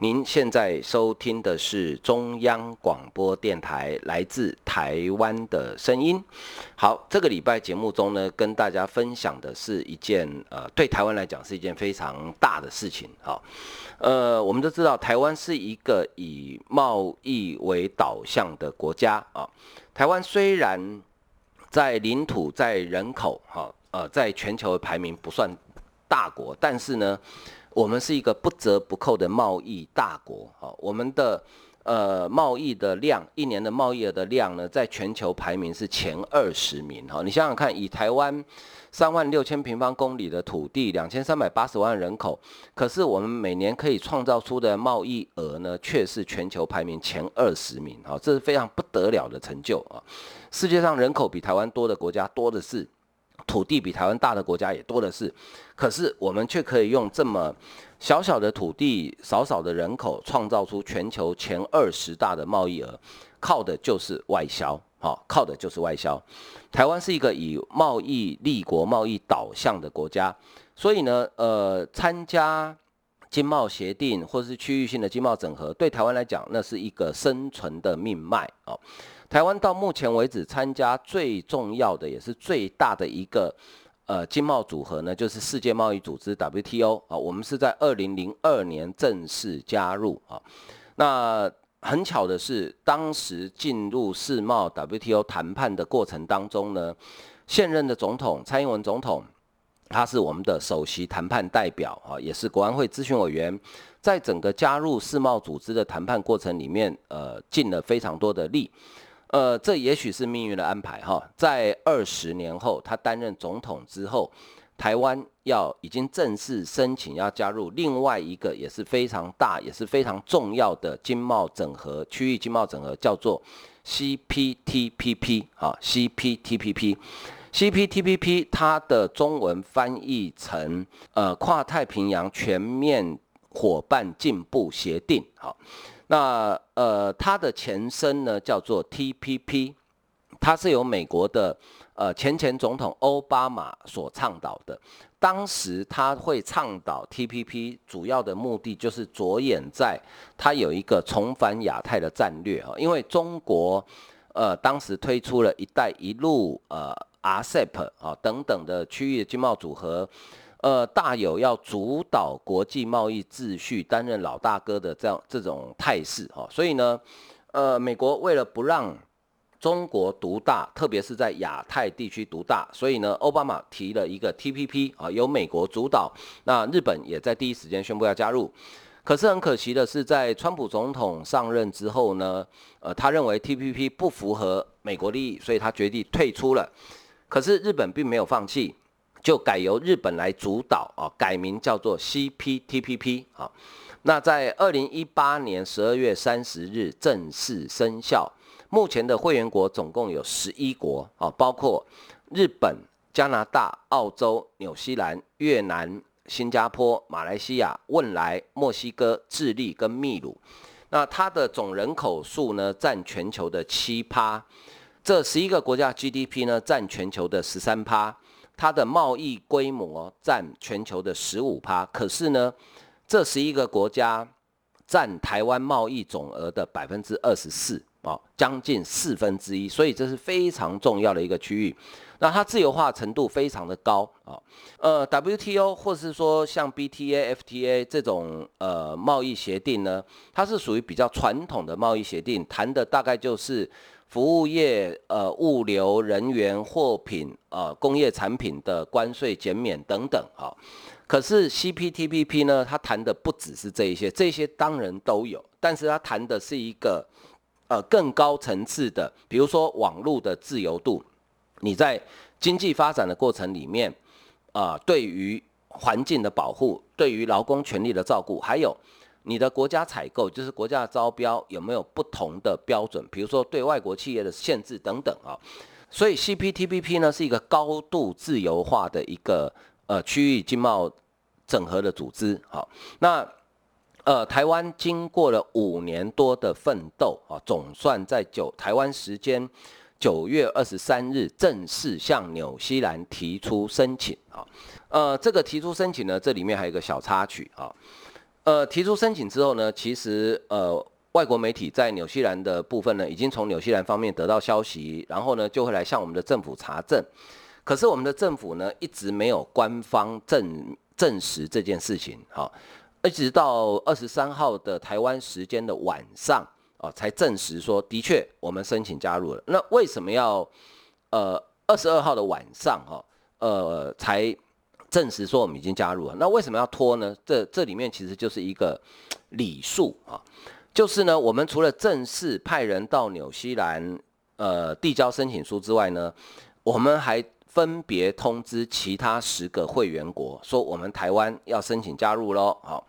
您現在收聽的是中央廣播電台，來自台灣的聲音。好，這個禮拜節目中呢，跟大家分享的是一件呃，對台灣來講是一件非常大的事情。好、哦，呃，我們都知道台灣是一個以貿易為導向的國家啊、哦。台灣雖然在領土、在人口，哈、哦、呃，在全球排名不算大國，但是呢。我們是一個不折不扣的貿易大國，哈，我們的呃貿易的量，一年的貿易額的量呢，在全球排名是前二十名，哈，你想想看，以台灣三萬六千平方公里的土地，兩千三百八十萬人口，可是我們每年可以創造出的貿易額呢，卻是全球排名前二十名，哈，這是非常不得了的成就啊！世界上人口比台灣多的國家多的是。土地比台灣大的國家也多的是，可是我們卻可以用這麼小小的土地、少少的人口，創造出全球前二十大的貿易額，靠的就是外銷，好，靠的就是外銷。台灣是一個以貿易立國、貿易導向的國家，所以呢，呃，參加經貿協定或是區域性的經貿整合，對台灣來講，那是一個生存的命脈啊。台灣到目前為止參加最重要的也是最大的一個呃經貿組合呢，就是世界貿易組織 WTO 啊。我們是在二零零二年正式加入啊。那很巧的是，當時進入世貿 WTO 談判的過程當中呢，現任的總統蔡英文總統，他是我們的首席談判代表啊，也是國安會諮詢委員，在整個加入世貿組織的談判過程裡面，呃，盡了非常多的力。呃，這也許是命運的安排哈、哦。在二十年後，他擔任總統之後，台灣要已經正式申請要加入另外一個也是非常大、也是非常重要的經貿整合，區域經貿整合，叫做 CPTPP 啊、哦，CPTPP，CPTPP 它的中文翻譯成呃跨太平洋全面夥伴進步協定好。哦那呃，它的前身呢，叫做 TPP，它是由美國的呃前前總統奧巴馬所倡導的。當時他會倡導 TPP，主要的目的就是着眼在他有一個重返亞太的戰略。因為中國呃當時推出了一帶一路呃 RCEP 啊、呃、等等的區域的經貿組合。呃，大有要主導國際貿易秩序、擔任老大哥的這樣這種態勢，哦，所以呢，呃，美國為了不讓中國獨大，特別是在亞太地區獨大，所以呢，奧巴馬提了一個 T P P，哦，啊，由美國主導，那日本也在第一時間宣佈要加入。可是很可惜的是，在川普總統上任之後呢，呃，他認為 T P P 不符合美國利益，所以他決定退出了。可是日本並沒有放棄。就改由日本來主導啊，改名叫做 CPTPP 啊。那在二零一八年十二月三十日正式生效。目前的會員國總共有十一國啊，包括日本、加拿大、澳洲、紐西蘭、越南、新加坡、馬來西亞、汶萊、墨西哥、智利跟秘魯。那它的總人口數呢，佔全球的七趴。這十一個國家 GDP 呢，佔全球的十三趴。它的貿易規模占全球的十五趴，可是呢，這十一個國家占台灣貿易總額的百分之二十四哦，將近四分之一，所以這是非常重要的一個區域。那它自由化程度非常的高啊、哦，呃，WTO 或是說像 BTA、FTA 這種呃貿易協定呢，它是屬於比較傳統的貿易協定，談的大概就是。服務業、呃，物流人員、貨品、呃，工業產品的關稅減免等等哈、哦，可是 CPTPP 呢？它談的不只是這一些，這些當然都有，但是它談的是一個呃更高層次的，比如說網絡的自由度，你在經濟發展的過程裡面啊、呃，對於環境的保護，對於勞工權利的照顧，還有。你的國家採購就是國家的招標有沒有不同的標準？比如說對外國企業的限制等等啊。所以 CPTPP 呢是一個高度自由化的一個呃區域經貿整合的組織。好，那呃台灣經過了五年多的奮鬥啊，總算在九台灣時間九月二十三日正式向紐西蘭提出申請啊。呃，這個提出申請呢，這裡面還有一個小插曲啊。呃，提出申請之後呢，其實呃，外國媒體在紐西蘭的部分呢，已經從紐西蘭方面得到消息，然後呢就會來向我們的政府查證。可是我們的政府呢，一直沒有官方證證實這件事情。哦，一直到二十三號的台灣時間的晚上啊，哦，才證實說，的確我們申請加入了。那為什麼要呃二十二號的晚上哈，哦，呃才？證實說我們已經加入了，那為什麼要拖呢？這這裡面其實就是一個禮數啊、哦，就是呢，我們除了正式派人到紐西蘭呃遞交申請書之外呢，我們還分別通知其他十個會員國，說我們台灣要申請加入嘍。好、哦，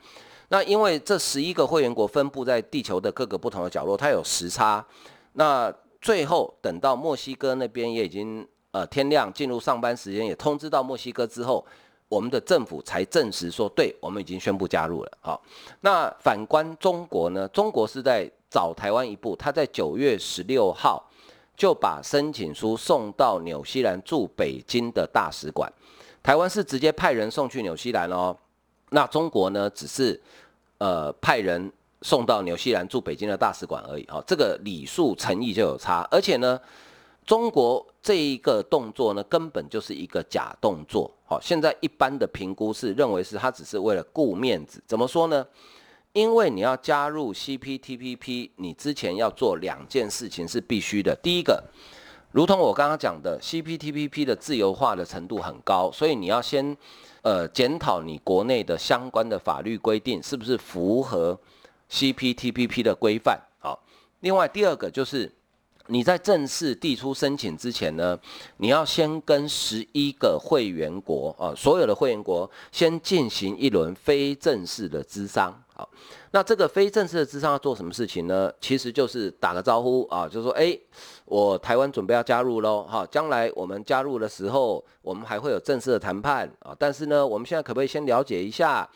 那因為這十一個會員國分布在地球的各個不同的角落，它有時差，那最後等到墨西哥那邊也已經呃天亮進入上班時間，也通知到墨西哥之後。我們的政府才證實說，對，我們已經宣佈加入了。好、哦，那反觀中國呢？中國是在早台灣一步，他在九月十六號就把申請書送到紐西蘭駐北京的大使館，台灣是直接派人送去紐西蘭哦。那中國呢，只是呃派人送到紐西蘭駐北京的大使館而已。好、哦，這個禮數誠意就有差，而且呢，中國這一個動作呢，根本就是一個假動作。好，現在一般的評估是認為是他只是為了顧面子，怎麼說呢？因為你要加入 CPTPP，你之前要做兩件事情是必須的。第一個，如同我剛剛講的，CPTPP 的自由化的程度很高，所以你要先呃檢討你國內的相關的法律規定是不是符合 CPTPP 的規範。好，另外第二個就是。你在正式遞出申請之前呢，你要先跟十一個會員國啊，所有的會員國先進行一輪非正式的磋商好、啊，那這個非正式的磋商要做什麼事情呢？其實就是打個招呼啊，就是說，誒、欸，我台灣準備要加入嘍，哈、啊，將來我們加入的時候，我們還會有正式的談判啊。但是呢，我們現在可不可以先了解一下，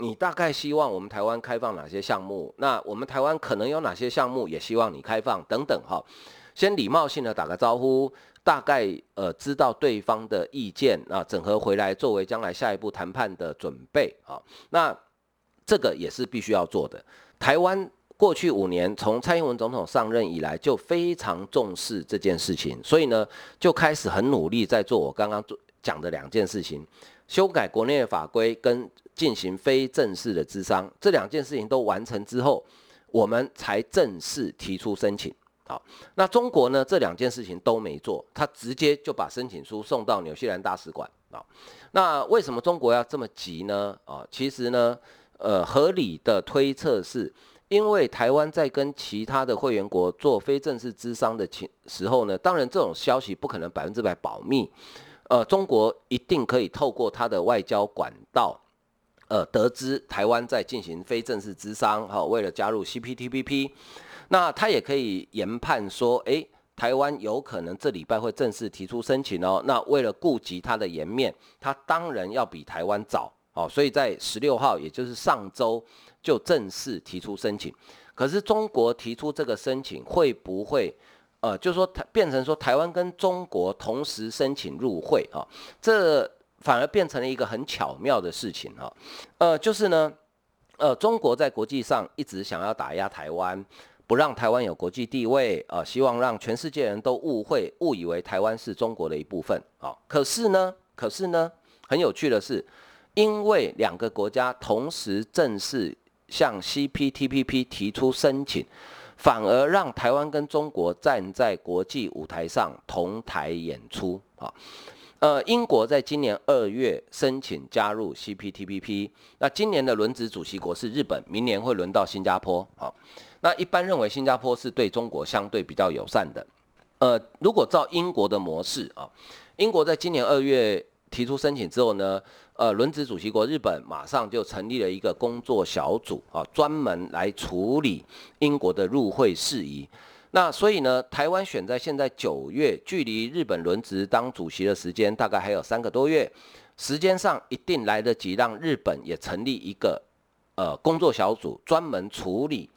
你大概希望我們台灣開放哪些項目？那我們台灣可能有哪些項目也希望你開放等等哈。啊先禮貌性的打個招呼，大概呃知道對方的意見啊，整合回來作為將來下一步談判的準備啊。那這個也是必須要做的。台灣過去五年，從蔡英文總統上任以來就非常重視這件事情，所以呢就開始很努力在做我剛剛做講的兩件事情：修改國內的法規跟進行非正式的諮商。這兩件事情都完成之後，我們才正式提出申請。好，那中國呢？這兩件事情都沒做，他直接就把申請書送到紐西蘭大使館啊。那為什麼中國要這麼急呢？啊、哦，其實呢，呃，合理的推測是，因為台灣在跟其他的會員國做非正式諮商的時時候呢，當然這種消息不可能百分之百保密，呃，中國一定可以透過他的外交管道，呃，得知台灣在進行非正式諮商哈、哦，為了加入 CPTPP。那他也可以研判說，誒、欸、台灣有可能這禮拜會正式提出申請哦。那為了顧及他的顏面，他當然要比台灣早哦。所以在十六號，也就是上周就正式提出申請。可是中國提出這個申請會不會，呃，就是說變成說台灣跟中國同時申請入會啊、哦？這反而變成了一個很巧妙的事情啊、哦。呃，就是呢，呃，中國在國際上一直想要打壓台灣。不讓台灣有國際地位啊、呃！希望讓全世界人都誤會、誤以為台灣是中國的一部分啊、哦！可是呢，可是呢，很有趣的是，因為兩個國家同時正式向 CPTPP 提出申請，反而讓台灣跟中國站在國際舞台上同台演出啊、哦！呃，英國在今年二月申請加入 CPTPP，那今年的輪值主席國是日本，明年會輪到新加坡啊。哦那一般認為新加坡是對中國相對比較友善的，呃，如果照英國的模式啊，英國在今年二月提出申請之後呢，呃，輪值主席國日本馬上就成立了一個工作小組啊，專門來處理英國的入會事宜。那所以呢，台灣選在現在九月，距離日本輪值當主席的時間大概還有三個多月，時間上一定來得及讓日本也成立一個呃工作小組，專門處理，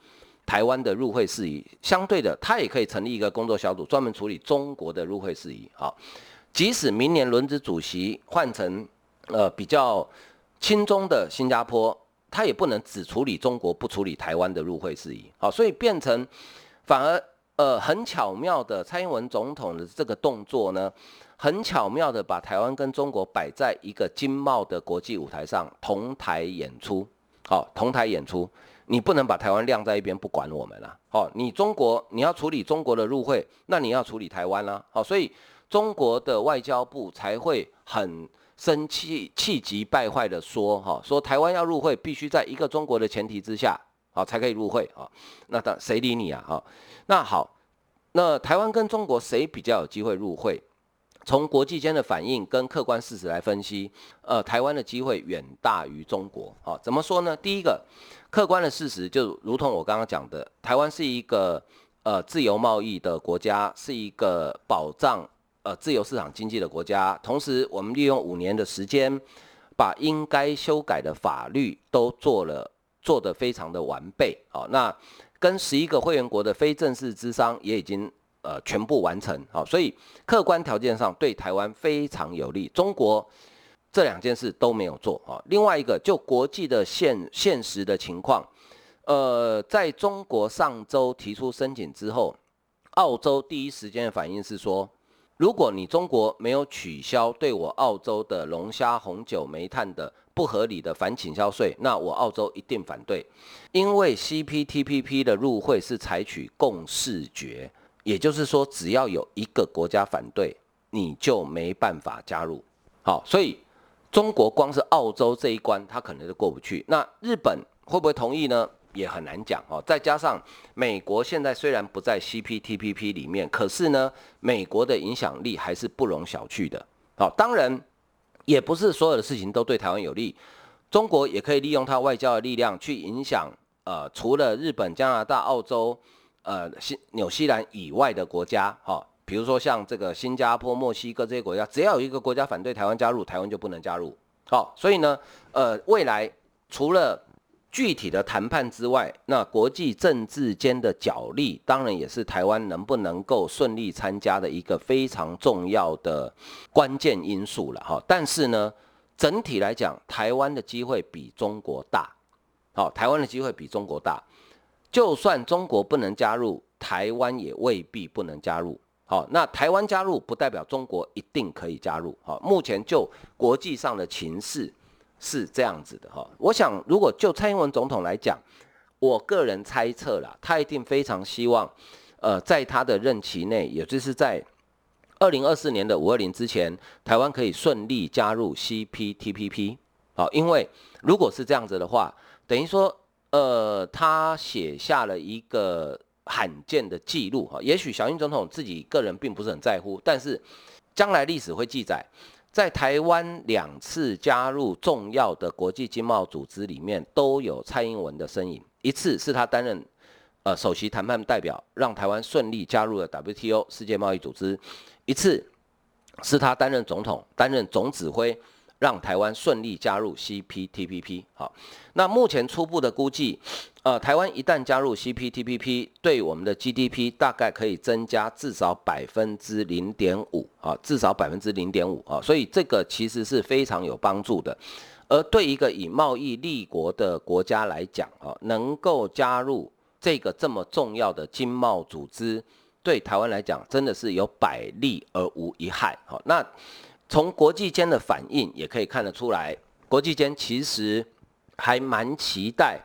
台灣的入會事宜，相對的，他也可以成立一個工作小組，專門處理中國的入會事宜。好，即使明年輪值主席換成呃比較親中的新加坡，他也不能只處理中國，不處理台灣的入會事宜。好，所以變成反而呃很巧妙的蔡英文總統的這個動作呢，很巧妙的把台灣跟中國擺在一個經貿的國際舞台上，同台演出。好，同台演出。你不能把台灣晾在一邊不管我們了，好，你中國你要處理中國的入會，那你要處理台灣了，好，所以中國的外交部才會很生氣、氣急敗壞地說，哈，說台灣要入會必須在一個中國的前提之下，好才可以入會，好，那他誰理你啊，好，那好，那台灣跟中國誰比較有機會入會？從國際間的反應跟客觀事實來分析，呃，台灣的機會遠大於中國，好，怎麼說呢？第一個。客觀的事實就如同我剛剛講的，台灣是一個呃自由貿易的國家，是一個保障呃自由市場經濟的國家。同時，我們利用五年的時間，把應該修改的法律都做了，做得非常的完備。好、哦，那跟十一個會員國的非正式諮商也已經呃全部完成。好、哦，所以客觀條件上對台灣非常有利。中國。這兩件事都沒有做啊。另外一個，就國際的現現實的情況，呃，在中國上周提出申請之後，澳洲第一時間的反應是說，如果你中國沒有取消對我澳洲的龍蝦、紅酒、煤炭的不合理的反傾銷稅，那我澳洲一定反對。因為 CPTPP 的入會是採取共識決，也就是說，只要有一個國家反對，你就沒辦法加入。好，所以。中國光是澳洲這一關，它可能就過不去。那日本會不會同意呢？也很難講哦。再加上美國現在雖然不在 CPTPP 裡面，可是呢，美國的影響力還是不容小覷的。好，當然也不是所有的事情都對台灣有利。中國也可以利用它外交的力量去影響呃，除了日本、加拿大、澳洲、呃紐西蘭以外的國家哈。呃比如說像這個新加坡、墨西哥這些國家，只要有一個國家反對台灣加入，台灣就不能加入。好，所以呢，呃，未來除了具體的談判之外，那國際政治間的角力當然也是台灣能不能夠順利參加的一個非常重要的關鍵因素了。哈，但是呢，整體來講，台灣的機會比中國大。好，台灣的機會比中國大，就算中國不能加入，台灣也未必不能加入。好，那台灣加入不代表中國一定可以加入。好，目前就國際上的情勢是這樣子的哈。我想，如果就蔡英文總統來講，我個人猜測啦，他一定非常希望，呃，在他的任期內，也就是在二零二四年的五二零之前，台灣可以順利加入 CPTPP。好，因為如果是這樣子的話，等於說，呃，他寫下了一個，罕見的記錄哈，也許小英總統自己個人並不是很在乎，但是將來歷史會記載，在台灣兩次加入重要的國際經貿組織裡面都有蔡英文的身影，一次是他擔任呃首席談判代表，讓台灣順利加入了 WTO 世界貿易組織，一次是他擔任總統，擔任總指揮。讓台灣順利加入 CPTPP，好，那目前初步的估計，呃，台灣一旦加入 CPTPP，對我們的 GDP 大概可以增加至少百分之零點五，啊，至少百分之零點五，啊，所以這個其實是非常有幫助的。而對一個以貿易立國的國家來講，啊，能夠加入這個這麼重要的經貿組織，對台灣來講真的是有百利而無一害，好，啊，那。從國際間的反應也可以看得出來，國際間其實還蠻期待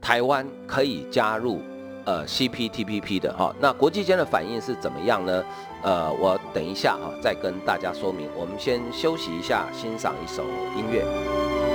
台灣可以加入呃 CPTPP 的哈、哦。那國際間的反應是怎麼樣呢？呃，我等一下哈再跟大家說明。我們先休息一下，欣賞一首音樂。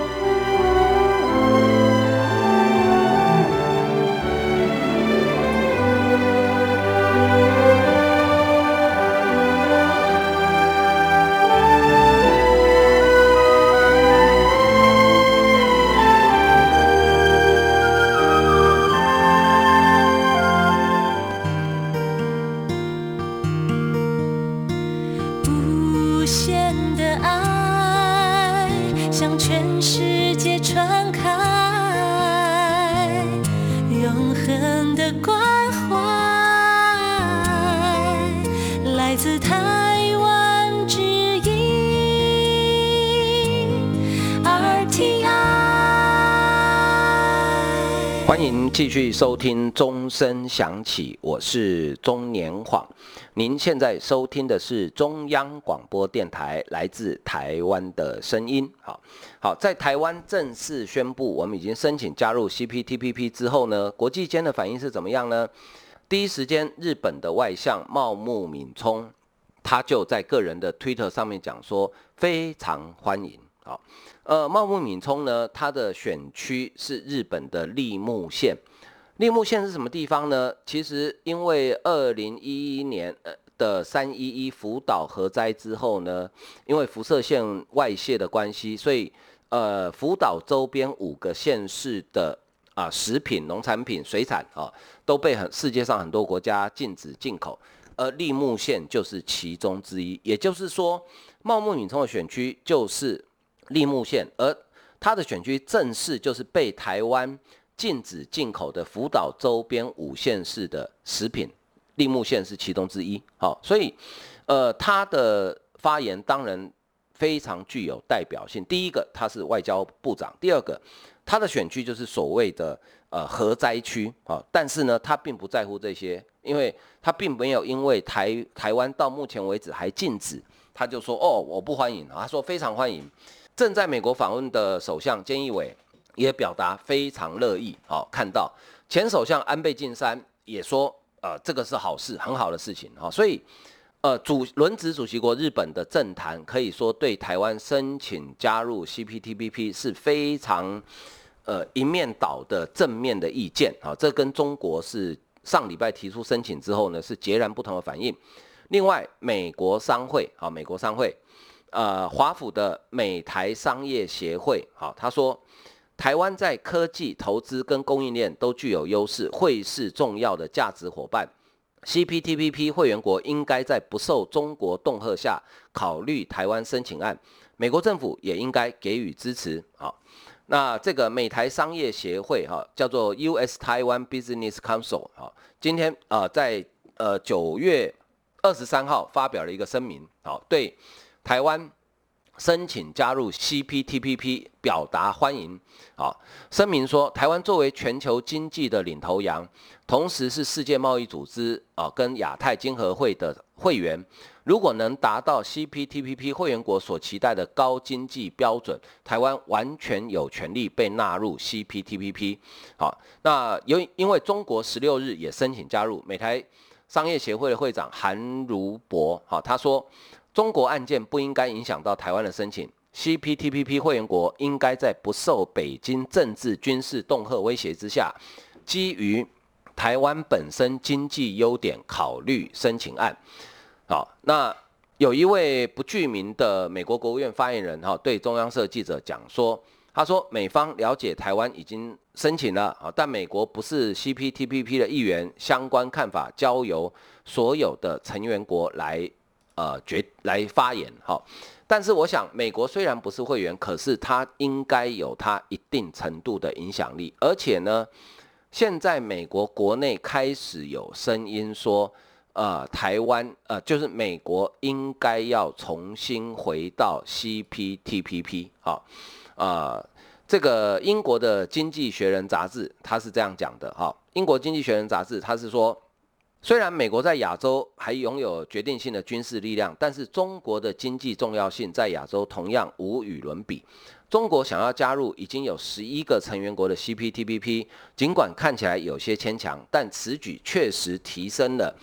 繼續收聽鐘聲響起，我是鍾年晃。您現在收聽的是中央廣播電臺來自台灣的聲音。好，好，在台灣正式宣布我們已經申請加入 CPTPP 之後呢，國際間的反應是怎麼樣呢？第一時間，日本的外相茂木敏充他就在個人的推特上面講說非常歡迎。好，呃，茂木敏充呢，他的選區是日本的栃木縣。栃木縣是什麼地方呢？其實因為二零一一年呃的三一一福島核災之後呢，因為輻射線外泄的關係，所以呃福島周邊五個縣市的啊、呃、食品、農產品、水產啊、哦、都被很世界上很多國家禁止進口，而栃木縣就是其中之一。也就是說，茂木敏充的選區就是栃木縣，而他的選區正式就是被台灣。禁止進口的福島周邊五縣市的食品，栃木縣是其中之一。好，所以，呃，他的發言當然非常具有代表性。第一個，他是外交部長；第二個，他的選區就是所謂的呃核災區啊。但是呢，他並不在乎這些，因為他並沒有因為台台灣到目前為止還禁止，他就說哦我不歡迎啊，他說非常歡迎。正在美國訪問的首相菅義偉，也表達非常樂意，好、哦、看到前首相安倍晉三也說，呃，這個是好事，很好的事情，哈、哦，所以，呃，主輪值主席國日本的政壇可以說對台灣申請加入 CPTPP 是非常，呃，一面倒的正面的意見，哈、哦，這跟中國是上禮拜提出申請之後呢，是截然不同的反應。另外，美國商會，好、哦，美國商會，呃，華府的美台商業協會，好、哦，他說。台灣在科技投資跟供應鏈都具有優勢，會是重要的價值夥伴。CPTPP 會員國應該在不受中國恫嚇下考慮台灣申請案，美國政府也應該給予支持。好，那這個美台商業協會哈，叫做 U.S. 台灣 Business Council，哈，今天啊在呃九月二十三號發表了一個聲明，好，對台灣。申請加入 CPTPP，表達歡迎。好，聲明說，台灣作為全球經濟的領頭羊，同時是世界貿易組織啊、呃、跟亞太經合會的會員，如果能達到 CPTPP 會員國所期待的高經濟標準，台灣完全有權利被納入 CPTPP。好，那由於因為中國十六日也申請加入，美台商業協會的會長韓如博、哦，他說。中國案件不應該影響到台灣的申請。CPTPP 會員國應該在不受北京政治軍事恫嚇威脅之下，基於台灣本身經濟優點考慮申請案。好，那有一位不具名的美國國務院發言人哈對中央社記者講說，他說美方了解台灣已經申請了，但美國不是 CPTPP 的一員，相關看法交由所有的成員國來呃，決來發言哈，但是我想，美國雖然不是會員，可是它應該有它一定程度的影響力。而且呢，現在美國國內開始有聲音說，呃，台灣，呃，就是美國應該要重新回到 CPTPP。好，啊，這個英國的《經濟學人》雜誌，它是這樣講的。好，英國《經濟學人》雜誌，它是說。雖然美國在亞洲還擁有決定性的軍事力量，但是中國的經濟重要性在亞洲同樣無與倫比。中國想要加入已經有十一個成員國的 CPTPP，儘管看起來有些牽強，但此舉確實提升了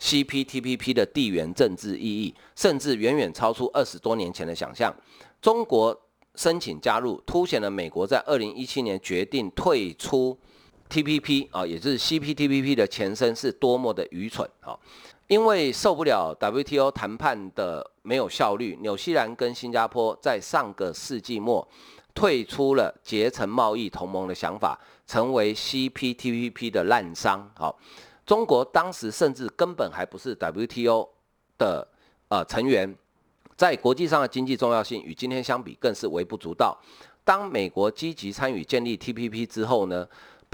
CPTPP 的地緣政治意義，甚至遠遠超出二十多年前的想象。中國申請加入，凸顯了美國在二零一七年決定退出。T P P 啊，也就是 C P T P P 的前身，是多麼的愚蠢啊、哦！因為受不了 W T O 談判的沒有效率，紐西蘭跟新加坡在上個世紀末退出了結成貿易同盟的想法，成為 C P T P P 的濫觴。好、哦，中國當時甚至根本還不是 W T O 的呃成員，在國際上的經濟重要性與今天相比更是微不足道。當美國積極參與建立 T P P 之後呢？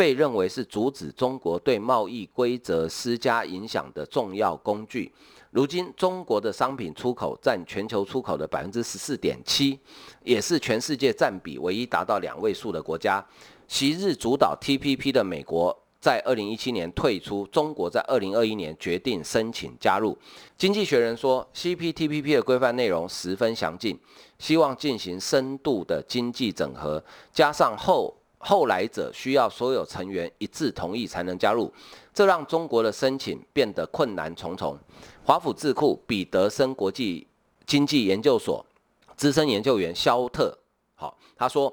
被認為是阻止中國對貿易規則施加影響的重要工具。如今，中國的商品出口佔全球出口的百分之十四點七，也是全世界佔比唯一達到兩位數的國家。昔日主導 TPP 的美國在二零一七年退出，中國在二零二一年決定申請加入。《經濟學人》說，CPTPP 的規範內容十分詳盡，希望進行深度的經濟整合，加上後後來者需要所有成員一致同意才能加入，這讓中國的申請變得困難重重。華府智庫彼得森國際經濟研究所資深研究員肖特，好，他說，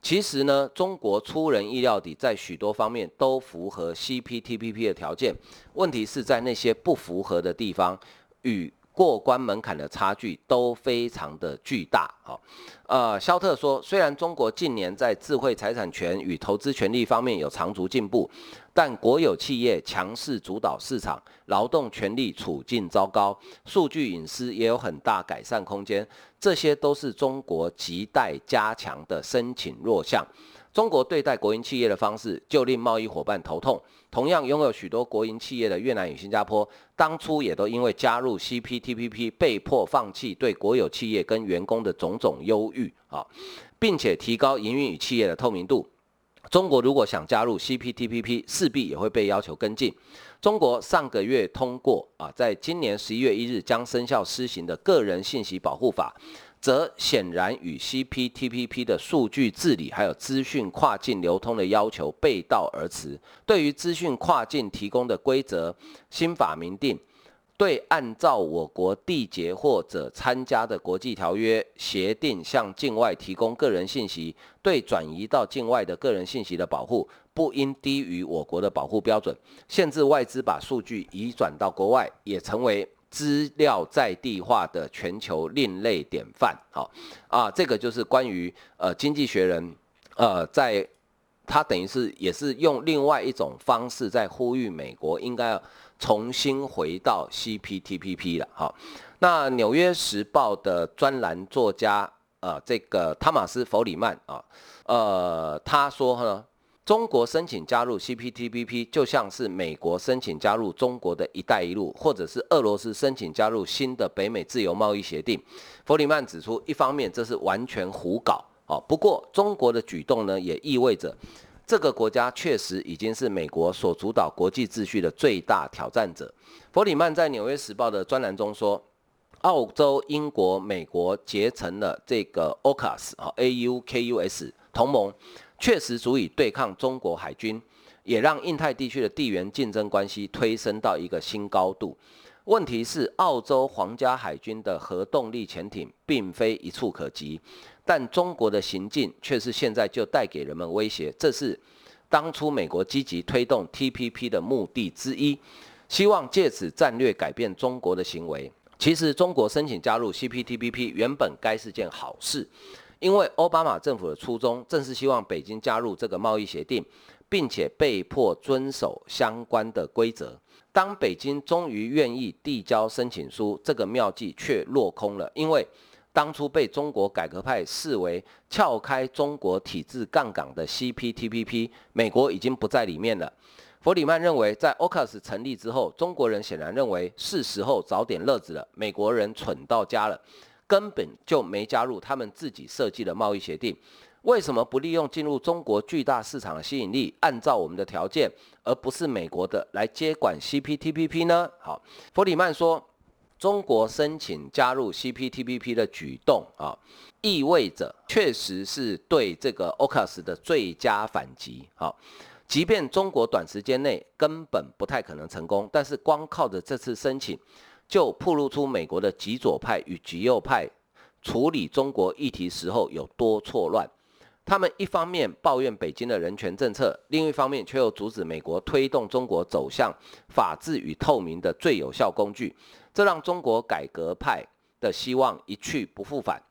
其實呢，中國出人意料地在許多方面都符合 CPTPP 的條件，問題是在那些不符合的地方與。過關門檻的差距都非常的巨大啊！呃，肖特說，雖然中國近年在智慧財產權與投資權利方面有長足進步，但國有企業強勢主導市場，勞動權利處境糟糕，數據隱私也有很大改善空間，這些都是中國亟待加強的申請弱項。中國對待國營企業的方式，就令貿易夥伴頭痛。同樣擁有許多國營企業的越南與新加坡，當初也都因為加入 CPTPP 被迫放棄對國有企業跟員工的種種優遇，啊，並且提高營運與企業的透明度。中國如果想加入 CPTPP，勢必也會被要求跟進。中國上個月通過啊，在今年十一月一日將生效施行的個人信息保護法，則顯然與 CPTPP 的數據治理還有資訊跨境流通的要求背道而馳。對於資訊跨境提供的規則，新法明定，對按照我國締結或者參加的國際條約、協定向境外提供個人信息，對轉移到境外的個人信息的保護，不應低於我國的保護標準。限制外資把數據移轉到國外，也成為，資料在地化的全球另類典範，好啊，這個就是關於呃經濟學人呃在，他等於是也是用另外一種方式在呼籲美國應該重新回到 CPTPP 了，好、啊，那紐約時報的專欄作家呃、啊、這個湯馬斯·弗里曼啊，呃他說呢。中國申請加入 CPTPP 就像是美國申請加入中國的一帶一路，或者是俄羅斯申請加入新的北美自由貿易協定。弗里曼指出，一方面這是完全胡搞，不過中國的舉動呢，也意味着這個國家確實已經是美國所主導國際秩序的最大挑戰者。弗里曼在《紐約時報》的專欄中說，澳洲、英國、美國結成了這個 AUKUS AUKUS 同盟。確實足以對抗中國海軍，也讓印太地區的地緣競爭關係推升到一個新高度。問題是，澳洲皇家海軍的核動力潛艇並非一蹴可及，但中國的行徑卻是現在就帶給人們威脅。這是當初美國積極推動 TPP 的目的之一，希望借此戰略改變中國的行為。其實，中國申請加入 CPTPP 原本該是件好事。因為奧巴馬政府的初衷正是希望北京加入這個貿易協定，並且被迫遵守相關的規則。當北京終於願意遞交申請書，這個妙計卻落空了。因為當初被中國改革派視為撬開中國體制槓桿的 CPTPP，美國已經不在裡面了。弗里曼認為，在 AUKUS 成立之後，中國人顯然認為是時候找點樂子了。美國人蠢到家了。根本就沒加入他們自己設計的貿易協定，為什麼不利用進入中國巨大市場的吸引力，按照我們的條件而不是美國的來接管 CPTPP 呢？好，弗里曼說，中國申請加入 CPTPP 的舉動啊，意味着確實是對這個 AUKUS 的最佳反擊。好，即便中國短時間內根本不太可能成功，但是光靠着這次申請。就曝露出美國的極左派與極右派處理中國議題時候有多錯亂。他們一方面抱怨北京的人權政策，另一方面卻又阻止美國推動中國走向法治與透明的最有效工具。這讓中國改革派的希望一去不復返。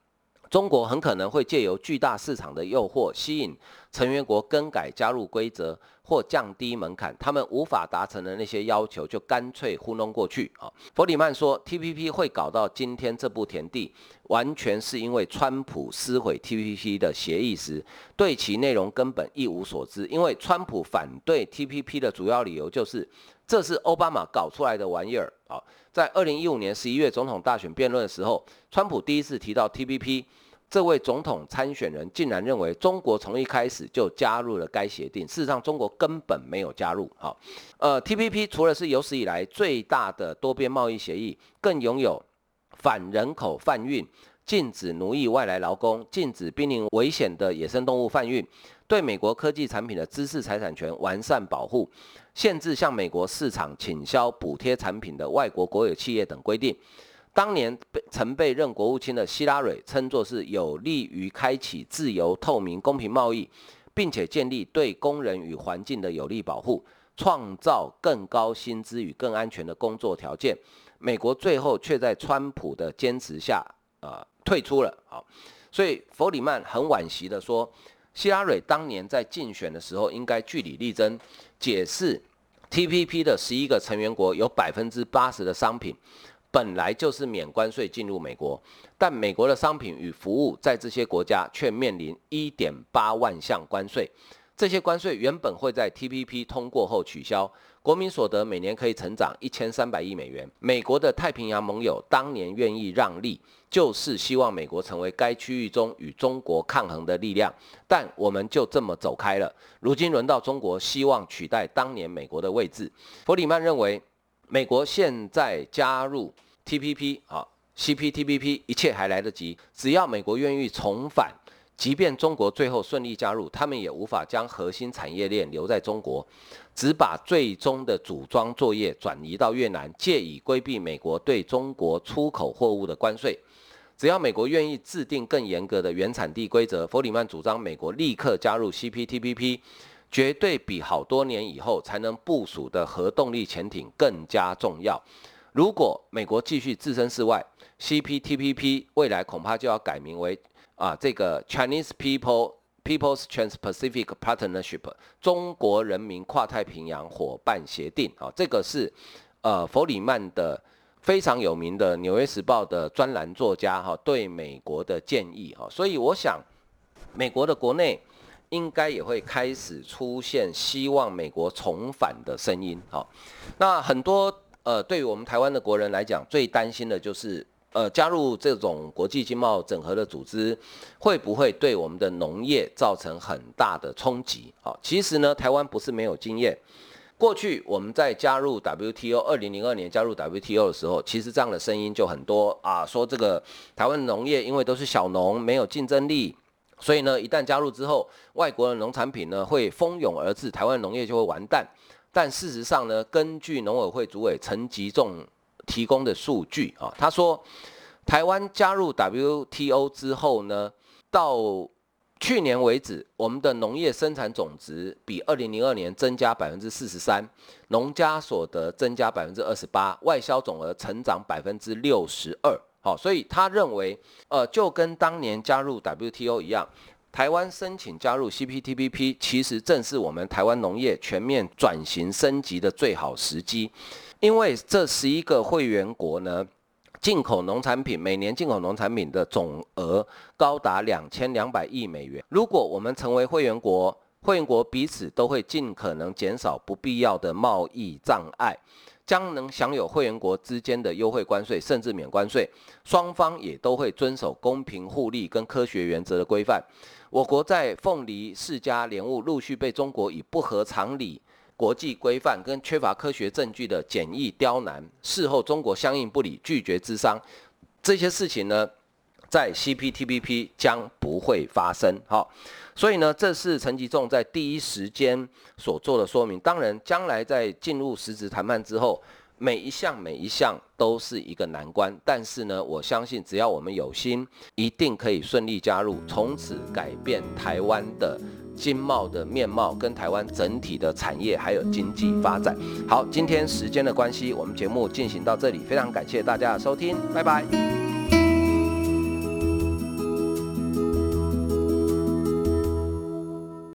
中國很可能會借由巨大市場的誘惑吸引。成員國更改加入規則或降低門檻，他們無法達成的那些要求就乾脆糊弄過去啊。弗里曼說，TPP 會搞到今天這步田地，完全是因為川普撕毀 TPP 的協議時，對其內容根本一無所知。因為川普反對 TPP 的主要理由就是，這是奧巴馬搞出來的玩意兒啊。在二零一五年十一月總統大選辯論的時候，川普第一次提到 TPP。這位總統參選人竟然認為中國從一開始就加入了該協定，事實上中國根本沒有加入。好、呃，呃，TPP 除了是有史以來最大的多邊貿易協議，更擁有反人口販運、禁止奴役外來勞工、禁止瀕臨危險的野生動物販運、對美國科技產品的知識財產權完善保護、限制向美國市場傾銷補貼產品的外國國有企業等規定。當年被曾被任國務卿的希拉蕊稱作是有利於開啟自由、透明、公平貿易，並且建立對工人與環境的有利保護，創造更高薪資與更安全的工作條件。美國最後卻在川普的堅持下，呃，退出了。好，所以佛里曼很惋惜地說，希拉蕊當年在競選的時候應該據理力爭，解釋 TPP 的十一個成員國有百分之八十的商品。本來就是免關稅進入美國，但美國的商品與服務在這些國家卻面臨一點八萬項關稅。這些關稅原本會在 TPP 通過後取消，國民所得每年可以成長一千三百億美元。美國的太平洋盟友當年願意讓利，就是希望美國成為該區域中與中國抗衡的力量。但我們就這麼走開了，如今輪到中國希望取代當年美國的位置。弗里曼認為，美國現在加入。T P P、oh, 啊，C P T P P，一切還來得及。只要美國願意重返，即便中國最後順利加入，他們也無法將核心產業鏈留在中國，只把最終的組裝作業轉移到越南，借以規避美國對中國出口貨物的關稅。只要美國願意制定更嚴格的原產地規則，弗里曼主張美國立刻加入 C P T P P，絕對比好多年以後才能部署的核動力潛艇更加重要。如果美國繼續置身事外，CPTPP 未來恐怕就要改名為啊，這個 Chinese People People's Trans-Pacific Partnership，中國人民跨太平洋夥伴協定啊、哦，這個是呃，弗里曼的非常有名的《紐約時報》的專欄作家哈、哦，對美國的建議哈、哦，所以我想美國的國內應該也會開始出現希望美國重返的聲音哈、哦，那很多。呃，對於我們台灣的國人來講，最擔心的就是，呃，加入這種國際經貿整合的組織，會不會對我們的農業造成很大的衝擊？啊、哦，其實呢，台灣不是沒有經驗，過去我們在加入 WTO，二零零二年加入 WTO 的時候，其實這樣的聲音就很多啊，說這個台灣農業因為都是小農，沒有競爭力，所以呢，一旦加入之後，外國的農產品呢會蜂擁而至，台灣農業就會完蛋。但事實上呢，根據農委會主委陳吉仲提供的數據啊，他說，台灣加入 WTO 之後呢，到去年為止，我們的農業生產總值比二零零二年增加百分之四十三，農家所得增加百分之二十八，外銷總額成長百分之六十二。好，所以他認為，呃，就跟當年加入 WTO 一樣。台灣申請加入 CPTPP，其實正是我們台灣農業全面轉型升級的最好時機，因為這十一個會員國呢，進口農產品每年進口農產品的總額高達兩千兩百億美元。如果我們成為會員國，會員國彼此都會盡可能減少不必要的貿易障礙。將能享有會員國之間的優惠關稅，甚至免關稅。雙方也都會遵守公平互利跟科學原則的規範。我國在鳳梨、釋迦、蓮霧陸續被中國以不合常理、國際規範跟缺乏科學證據的簡易刁難，事後中國相應不理，拒絕諮商。這些事情呢，在 C P T P P 將不會發生。好。所以呢，這是陳吉仲在第一時間所做的說明。當然，將來在進入實質談判之後，每一項每一項都是一個難關。但是呢，我相信只要我們有心，一定可以順利加入，從此改變台灣的經貿的面貌，跟台灣整體的產業還有經濟發展。好，今天時間的關係，我們節目進行到這裡，非常感謝大家的收聽，拜拜。